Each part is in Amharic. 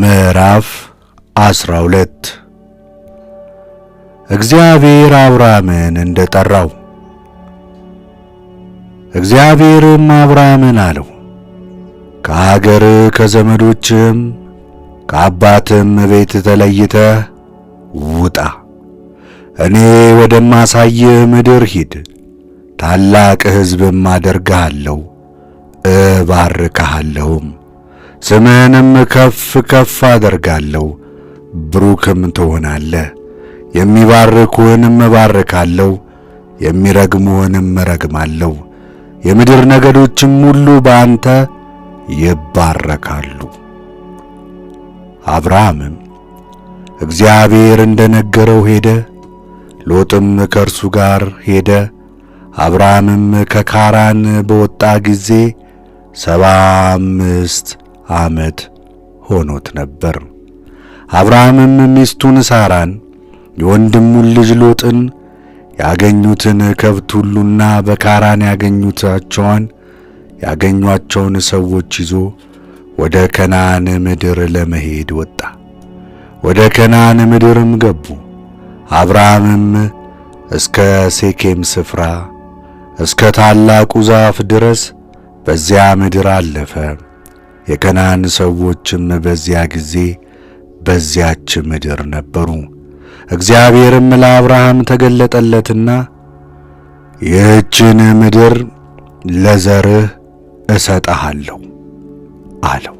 ምዕራፍ 12 እግዚአብሔር እንደ እንደጠራው። እግዚአብሔርም አብርሃምን አለው፣ ከአገር ከዘመዶችም ከአባትም ቤት ተለይተ ውጣ፣ እኔ ወደማሳይህ ምድር ሂድ፣ ታላቅ ሕዝብም አደርግሃለሁ፣ እባርካሃለሁም ስምህንም ከፍ ከፍ አደርጋለሁ፣ ብሩክም ትሆናለህ። የሚባርኩህንም እባርካለሁ፣ የሚረግሙህንም እረግማለሁ። የምድር ነገዶችም ሁሉ በአንተ ይባረካሉ። አብርሃምም እግዚአብሔር እንደ ነገረው ሄደ። ሎጥም ከእርሱ ጋር ሄደ። አብርሃምም ከካራን በወጣ ጊዜ ሰባ አምስት ዓመት ሆኖት ነበር። አብርሃምም ሚስቱን ሳራን የወንድሙን ልጅ ሎጥን ያገኙትን ከብት ሁሉና በካራን ያገኙታቸዋን ያገኟቸውን ሰዎች ይዞ ወደ ከነዓን ምድር ለመሄድ ወጣ። ወደ ከነዓን ምድርም ገቡ። አብርሃምም እስከ ሴኬም ስፍራ እስከ ታላቁ ዛፍ ድረስ በዚያ ምድር አለፈ። የከናን ሰዎችም በዚያ ጊዜ በዚያች ምድር ነበሩ። እግዚአብሔርም ለአብርሃም ተገለጠለትና ይህችን ምድር ለዘርህ እሰጠሃለሁ አለው።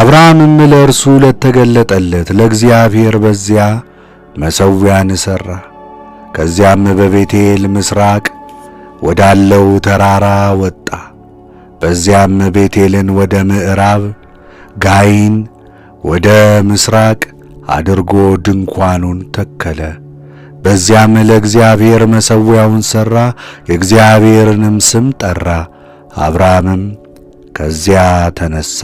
አብርሃምም ለእርሱ ለተገለጠለት ለእግዚአብሔር በዚያ መሠዊያን ሠራ። ከዚያም በቤቴል ምስራቅ ወዳለው ተራራ ወጣ። በዚያም ቤቴልን ወደ ምዕራብ ጋይን ወደ ምስራቅ አድርጎ ድንኳኑን ተከለ። በዚያም ለእግዚአብሔር መሠዊያውን ሠራ፣ የእግዚአብሔርንም ስም ጠራ። አብርሃምም ከዚያ ተነሣ፣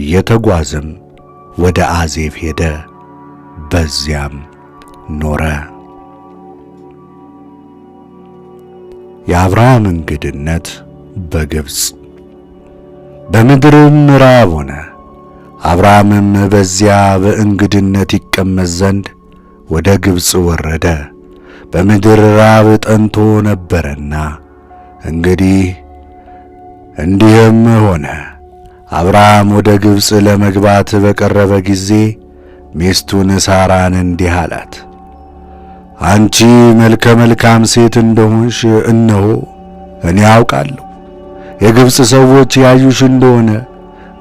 እየተጓዘም ወደ አዜብ ሄደ፣ በዚያም ኖረ። የአብርሃም እንግድነት በግብፅ በምድርም ራብ ሆነ። አብርሃምም በዚያ በእንግድነት ይቀመጥ ዘንድ ወደ ግብፅ ወረደ፣ በምድር ራብ ጠንቶ ነበረና። እንግዲህ እንዲህም ሆነ አብርሃም ወደ ግብፅ ለመግባት በቀረበ ጊዜ ሚስቱን ሳራን እንዲህ አላት፣ አንቺ መልከ መልካም ሴት እንደሆንሽ እነሆ እኔ አውቃለሁ የግብፅ ሰዎች ያዩሽ እንደሆነ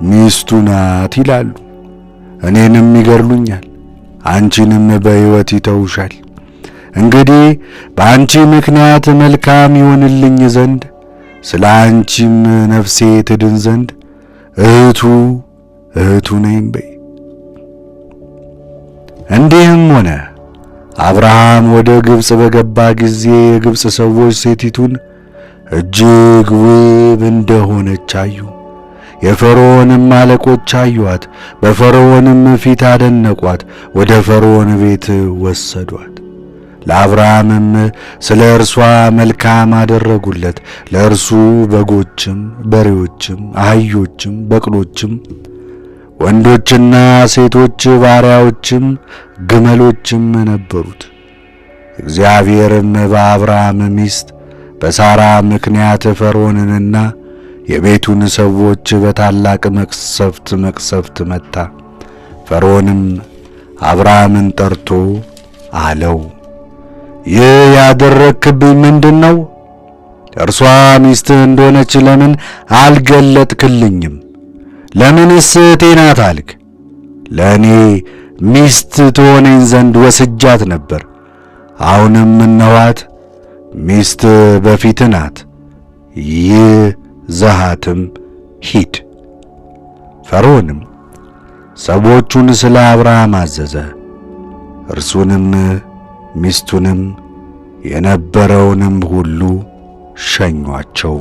ሚስቱ ናት ይላሉ። እኔንም ይገድሉኛል፣ አንቺንም በሕይወት ይተውሻል። እንግዲህ በአንቺ ምክንያት መልካም ይሆንልኝ ዘንድ ስለ አንቺም ነፍሴ ትድን ዘንድ እህቱ እህቱ ነኝ በይ። እንዲህም ሆነ አብርሃም ወደ ግብፅ በገባ ጊዜ የግብፅ ሰዎች ሴቲቱን እጅግ ውብ እንደሆነች አዩ። የፈርዖንም አለቆች አዩአት፣ በፈርዖንም ፊት አደነቋት፣ ወደ ፈርዖን ቤት ወሰዷት። ለአብርሃምም ስለ እርሷ መልካም አደረጉለት። ለእርሱ በጎችም፣ በሬዎችም፣ አህዮችም፣ በቅሎችም፣ ወንዶችና ሴቶች ባሪያዎችም፣ ግመሎችም ነበሩት። እግዚአብሔርም በአብርሃም ሚስት በሳራ ምክንያት ፈርዖንንና የቤቱን ሰዎች በታላቅ መቅሰፍት መቅሰፍት መታ። ፈርዖንም አብርሃምን ጠርቶ አለው፣ ይህ ያደረግክብኝ ምንድን ነው? እርሷ ሚስትህ እንደሆነች ለምን አልገለጥክልኝም? ለምንስ ቴናት አልክ? ለእኔ ሚስት ትሆነኝ ዘንድ ወስጃት ነበር። አሁንም እነኋት ሚስት በፊት ናት፣ ይህ ዘሃትም ሂድ። ፈርዖንም ሰዎቹን ስለ አብርሃም አዘዘ፣ እርሱንም ሚስቱንም የነበረውንም ሁሉ ሸኟቸው።